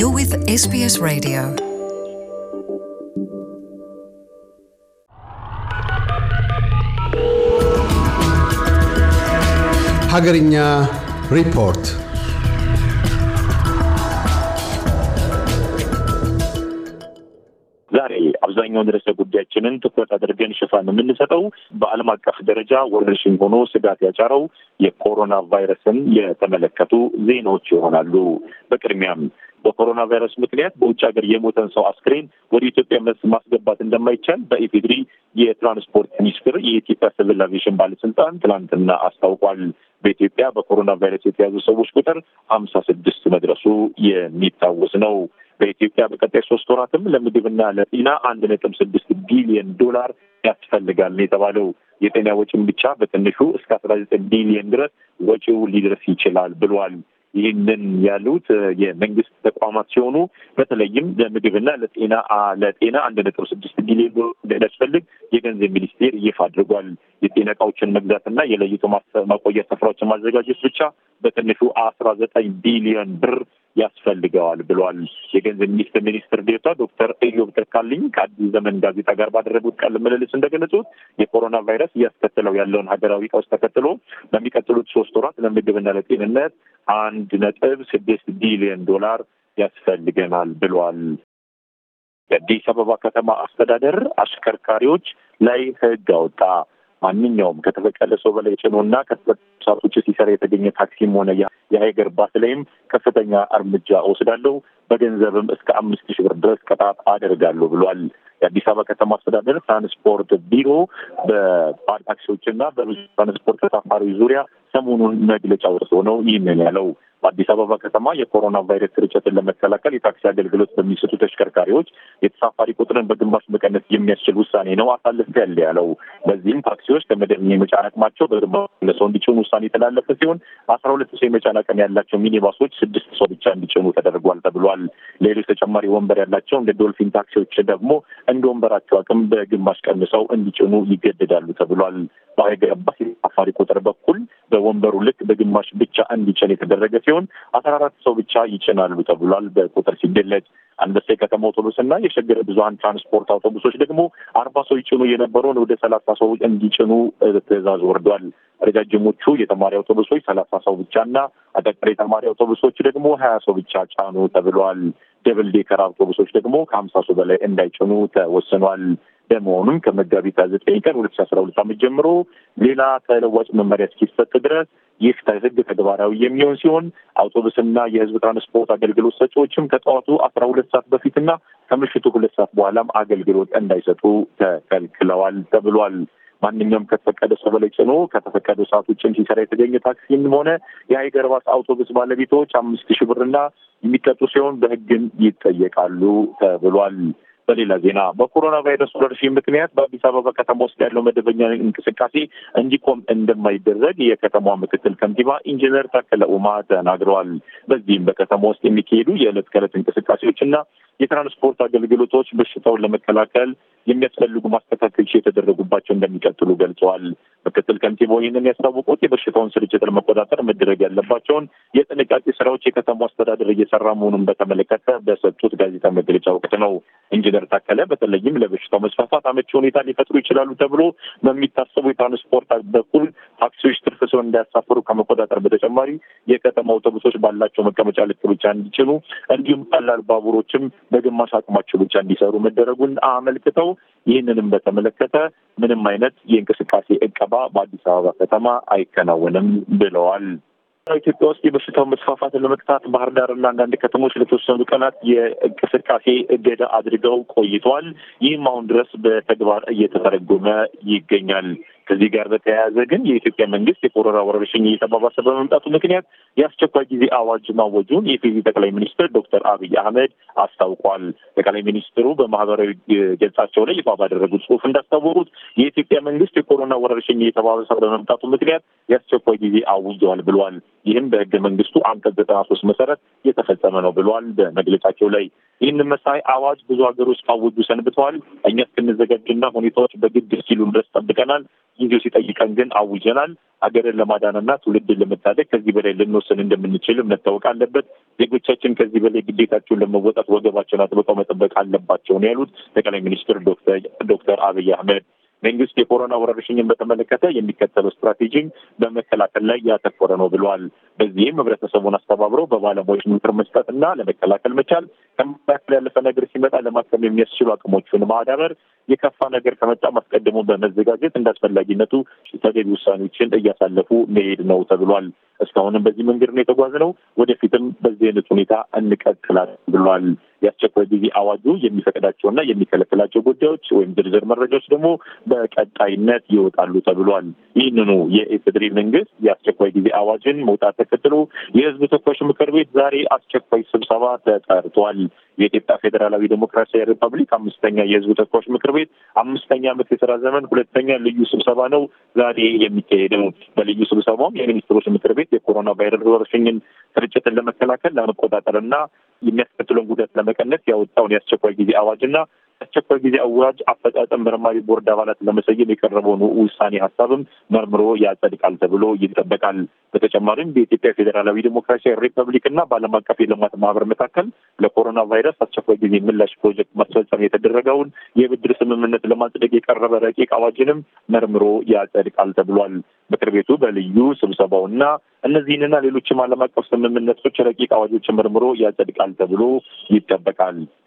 You're with SBS Radio. ሀገርኛ ሪፖርት ዛሬ አብዛኛውን ርዕሰ ጉዳያችንን ትኩረት አድርገን ሽፋን የምንሰጠው በዓለም አቀፍ ደረጃ ወረርሽኝ ሆኖ ስጋት ያጫረው የኮሮና ቫይረስን የተመለከቱ ዜናዎች ይሆናሉ። በቅድሚያም በኮሮና ቫይረስ ምክንያት በውጭ ሀገር የሞተን ሰው አስክሬን ወደ ኢትዮጵያ ማስገባት እንደማይቻል በኢፌድሪ የትራንስፖርት ሚኒስትር የኢትዮጵያ ሲቪል አቪዬሽን ባለስልጣን ትላንትና አስታውቋል። በኢትዮጵያ በኮሮና ቫይረስ የተያዙ ሰዎች ቁጥር ሀምሳ ስድስት መድረሱ የሚታወስ ነው። በኢትዮጵያ በቀጣይ ሶስት ወራትም ለምግብና ለጤና አንድ ነጥብ ስድስት ቢሊዮን ዶላር ያስፈልጋል የተባለው የጤና ወጪም ብቻ በትንሹ እስከ አስራ ዘጠኝ ቢሊዮን ድረስ ወጪው ሊደርስ ይችላል ብሏል። ይህንን ያሉት የመንግስት ተቋማት ሲሆኑ በተለይም ለምግብና ለጤና ለጤና አንድ ነጥብ ስድስት ቢሊዮን እንደሚያስፈልግ የገንዘብ ሚኒስቴር ይፋ አድርጓል። የጤና እቃዎችን መግዛትና የለይቶ ማቆያ ስፍራዎችን ማዘጋጀት ብቻ በትንሹ አስራ ዘጠኝ ቢሊዮን ብር ያስፈልገዋል ብሏል። የገንዘብ ሚኒስትር ሚኒስትር ዴኤታ ዶክተር ኢዮብ ተካልኝ ከአዲስ ዘመን ጋዜጣ ጋር ባደረጉት ቃለ ምልልስ እንደገለጹት የኮሮና ቫይረስ እያስከተለው ያለውን ሀገራዊ ቀውስ ተከትሎ በሚቀጥሉት ሶስት ወራት ለምግብና ለጤንነት አንድ ነጥብ ስድስት ቢሊዮን ዶላር ያስፈልገናል ብሏል። የአዲስ አበባ ከተማ አስተዳደር አሽከርካሪዎች ላይ ህግ አወጣ። ማንኛውም ከተፈቀደ ሰው በላይ ጭኖና ከሰዓት ውጭ ሲሰራ የተገኘ ታክሲም ሆነ የሀይገር ባስ ላይም ከፍተኛ እርምጃ እወስዳለሁ፣ በገንዘብም እስከ አምስት ሺህ ብር ድረስ ቅጣት አደርጋለሁ ብሏል። የአዲስ አበባ ከተማ አስተዳደር ትራንስፖርት ቢሮ በባለ ታክሲዎችና በብዙ ትራንስፖርት ተሳፋሪ ዙሪያ ሰሞኑን መግለጫ ወርሶ ነው ይህንን ያለው። በአዲስ አበባ ከተማ የኮሮና ቫይረስ ስርጭትን ለመከላከል የታክሲ አገልግሎት በሚሰጡ ተሽከርካሪዎች የተሳፋሪ ቁጥርን በግማሽ መቀነስ የሚያስችል ውሳኔ ነው አሳልፍ ያለ ያለው። በዚህም ታክሲዎች ከመደበኛ የመጫን አቅማቸው በግማሽ ቀንሰው እንዲጭኑ ውሳኔ የተላለፈ ሲሆን አስራ ሁለት ሰው የመጫን አቅም ያላቸው ሚኒባሶች ስድስት ሰው ብቻ እንዲጭኑ ተደርጓል ተብሏል። ሌሎች ተጨማሪ ወንበር ያላቸው እንደ ዶልፊን ታክሲዎች ደግሞ እንደ ወንበራቸው አቅም በግማሽ ቀንሰው እንዲጭኑ ይገደዳሉ ተብሏል። ባይገባ አፋሪ ቁጥር በኩል በወንበሩ ልክ በግማሽ ብቻ እንዲጭን የተደረገ ሲሆን አስራ አራት ሰው ብቻ ይጭናሉ ተብሏል። በቁጥር ሲገለጽ አንበሳ የከተማ አውቶቡስ እና የሸገረ ብዙሀን ትራንስፖርት አውቶቡሶች ደግሞ አርባ ሰው ይጭኑ የነበረውን ወደ ሰላሳ ሰው እንዲጭኑ ትዕዛዝ ወርዷል። ረጃጅሞቹ የተማሪ አውቶቡሶች ሰላሳ ሰው ብቻ እና አጠቃላይ የተማሪ አውቶቡሶች ደግሞ ሀያ ሰው ብቻ ጫኑ ተብሏል። ደብል ዴከር አውቶቡሶች ደግሞ ከሀምሳ ሰው በላይ እንዳይጭኑ ተወስኗል። በመሆኑም ከመጋቢት ዘጠኝ ቀን ሁለት ሺ አስራ ሁለት ዓመት ጀምሮ ሌላ ተለዋጭ መመሪያ እስኪሰጥ ድረስ ይህ ህግ ተግባራዊ የሚሆን ሲሆን አውቶቡስና የህዝብ ትራንስፖርት አገልግሎት ሰጪዎችም ከጠዋቱ አስራ ሁለት ሰዓት በፊትና ከምሽቱ ሁለት ሰዓት በኋላም አገልግሎት እንዳይሰጡ ተከልክለዋል ተብሏል። ማንኛውም ከተፈቀደ ሰው በላይ ጭኖ ከተፈቀደ ሰዓት ውጭም ሲሰራ የተገኘ ታክሲም ሆነ የሀይገር ባስ አውቶቡስ ባለቤቶች አምስት ሺህ ብርና የሚቀጡ ሲሆን በህግም ይጠየቃሉ ተብሏል። በሌላ ዜና በኮሮና ቫይረስ ወረርሽኝ ምክንያት በአዲስ አበባ ከተማ ውስጥ ያለው መደበኛ እንቅስቃሴ እንዲቆም እንደማይደረግ የከተማዋ ምክትል ከንቲባ ኢንጂነር ታከለ ኡማ ተናግረዋል። በዚህም በከተማ ውስጥ የሚካሄዱ የዕለት ከዕለት እንቅስቃሴዎች እና የትራንስፖርት አገልግሎቶች በሽታውን ለመከላከል የሚያስፈልጉ ማስተካከያዎች የተደረጉባቸው እንደሚቀጥሉ ገልጸዋል። ምክትል ከንቲባው ይህንን ያስታወቁት የበሽታውን ስርጭት ለመቆጣጠር መደረግ ያለባቸውን የጥንቃቄ ስራዎች የከተማ አስተዳደር እየሰራ መሆኑን በተመለከተ በሰጡት ጋዜጣ መግለጫ ወቅት ነው። ኢንጂነር ታከለ በተለይም ለበሽታው መስፋፋት አመቺ ሁኔታ ሊፈጥሩ ይችላሉ ተብሎ በሚታሰቡ የትራንስፖርት በኩል ታክሲዎች ትርፍ ሰው እንዳያሳፍሩ ከመቆጣጠር በተጨማሪ የከተማ አውቶቡሶች ባላቸው መቀመጫ ልክ ብቻ እንዲችሉ እንዲሁም ቀላል ባቡሮችም በግማሽ አቅማቸው ብቻ እንዲሰሩ መደረጉን አመልክተው ይህንንም በተመለከተ ምንም አይነት የእንቅስቃሴ እቀባ በአዲስ አበባ ከተማ አይከናወንም ብለዋል። ኢትዮጵያ ውስጥ የበሽታው መስፋፋትን ለመግታት ባህር ዳርና አንዳንድ ከተሞች ለተወሰኑ ቀናት የእንቅስቃሴ እገዳ አድርገው ቆይተዋል። ይህም አሁን ድረስ በተግባር እየተተረጎመ ይገኛል። ከዚህ ጋር በተያያዘ ግን የኢትዮጵያ መንግስት የኮሮና ወረርሽኝ እየተባባሰ በመምጣቱ ምክንያት የአስቸኳይ ጊዜ አዋጅ ማወጁን የፊዚ ጠቅላይ ሚኒስትር ዶክተር አብይ አህመድ አስታውቋል። ጠቅላይ ሚኒስትሩ በማህበራዊ ገጻቸው ላይ ይፋ ባደረጉት ጽሁፍ እንዳስታወቁት የኢትዮጵያ መንግስት የኮሮና ወረርሽኝ እየተባባሰ በመምጣቱ ምክንያት የአስቸኳይ ጊዜ አውጀዋል ብሏል። ይህም በህገ መንግስቱ አንቀጽ ዘጠና ሶስት መሰረት እየተፈጸመ ነው ብሏል በመግለጫቸው ላይ ይህንን መሳይ አዋጅ ብዙ ሀገሮች ካወጁ ሰንብተዋል። እኛ እስክንዘጋጅና ሁኔታዎች በግድ እስኪሉን ድረስ ጠብቀናል። ጊዜው ሲጠይቀን ግን አውጀናል። ሀገርን ለማዳንና ትውልድን ለመታደግ ከዚህ በላይ ልንወስን እንደምንችል መታወቅ አለበት። ዜጎቻችን ከዚህ በላይ ግዴታቸውን ለመወጣት ወገባቸውን አጥብቀው መጠበቅ አለባቸው ነው ያሉት ጠቅላይ ሚኒስትር ዶክተር አብይ አህመድ። መንግስት የኮሮና ወረርሽኝን በተመለከተ የሚከተለው ስትራቴጂም በመከላከል ላይ ያተኮረ ነው ብለዋል። በዚህም ህብረተሰቡን አስተባብረው በባለሙያዎች ምክር መስጠትና ለመከላከል መቻል ከሚያስተላልፈ ነገር ሲመጣ ለማከም የሚያስችሉ አቅሞቹን ማዳበር፣ የከፋ ነገር ከመጣ አስቀድሞ በመዘጋጀት እንዳስፈላጊነቱ ተገቢ ውሳኔዎችን እያሳለፉ መሄድ ነው ተብሏል። እስካሁንም በዚህ መንገድ ነው የተጓዝነው፣ ወደፊትም በዚህ አይነት ሁኔታ እንቀጥላለን ብሏል። የአስቸኳይ ጊዜ አዋጁ የሚፈቅዳቸውና የሚከለክላቸው ጉዳዮች ወይም ዝርዝር መረጃዎች ደግሞ በቀጣይነት ይወጣሉ ተብሏል። ይህንኑ የኢፌዴሪ መንግስት የአስቸኳይ ጊዜ አዋጅን መውጣት ተከትሎ የህዝብ ተወካዮች ምክር ቤት ዛሬ አስቸኳይ ስብሰባ ተጠርቷል። የኢትዮጵያ ፌዴራላዊ ዴሞክራሲያዊ ሪፐብሊክ አምስተኛ የህዝብ ተወካዮች ምክር ቤት አምስተኛ ዓመት የስራ ዘመን ሁለተኛ ልዩ ስብሰባ ነው ዛሬ የሚካሄደው። በልዩ ስብሰባውም የሚኒስትሮች ምክር ቤት የኮሮና ቫይረስ ወረርሽኝን ስርጭትን ለመከላከል ለመቆጣጠርና የሚያስከትለውን ጉዳት ለመቀነስ ያወጣውን የአስቸኳይ ጊዜ አዋጅና አስቸኳይ ጊዜ አዋጅ አፈጻጸም መርማሪ ቦርድ አባላት ለመሰየም የቀረበውን ውሳኔ ሀሳብም መርምሮ ያጸድቃል ተብሎ ይጠበቃል። በተጨማሪም በኢትዮጵያ ፌዴራላዊ ዴሞክራሲያዊ ሪፐብሊክ እና በዓለም አቀፍ የልማት ማህበር መካከል ለኮሮና ቫይረስ አስቸኳይ ጊዜ ምላሽ ፕሮጀክት ማስፈጸም የተደረገውን የብድር ስምምነት ለማጽደቅ የቀረበ ረቂቅ አዋጅንም መርምሮ ያጸድቃል ተብሏል። ምክር ቤቱ በልዩ ስብሰባውና እነዚህንና ሌሎችም ዓለም አቀፍ ስምምነቶች ረቂቅ አዋጆችን መርምሮ ያጸድቃል ተብሎ ይጠበቃል።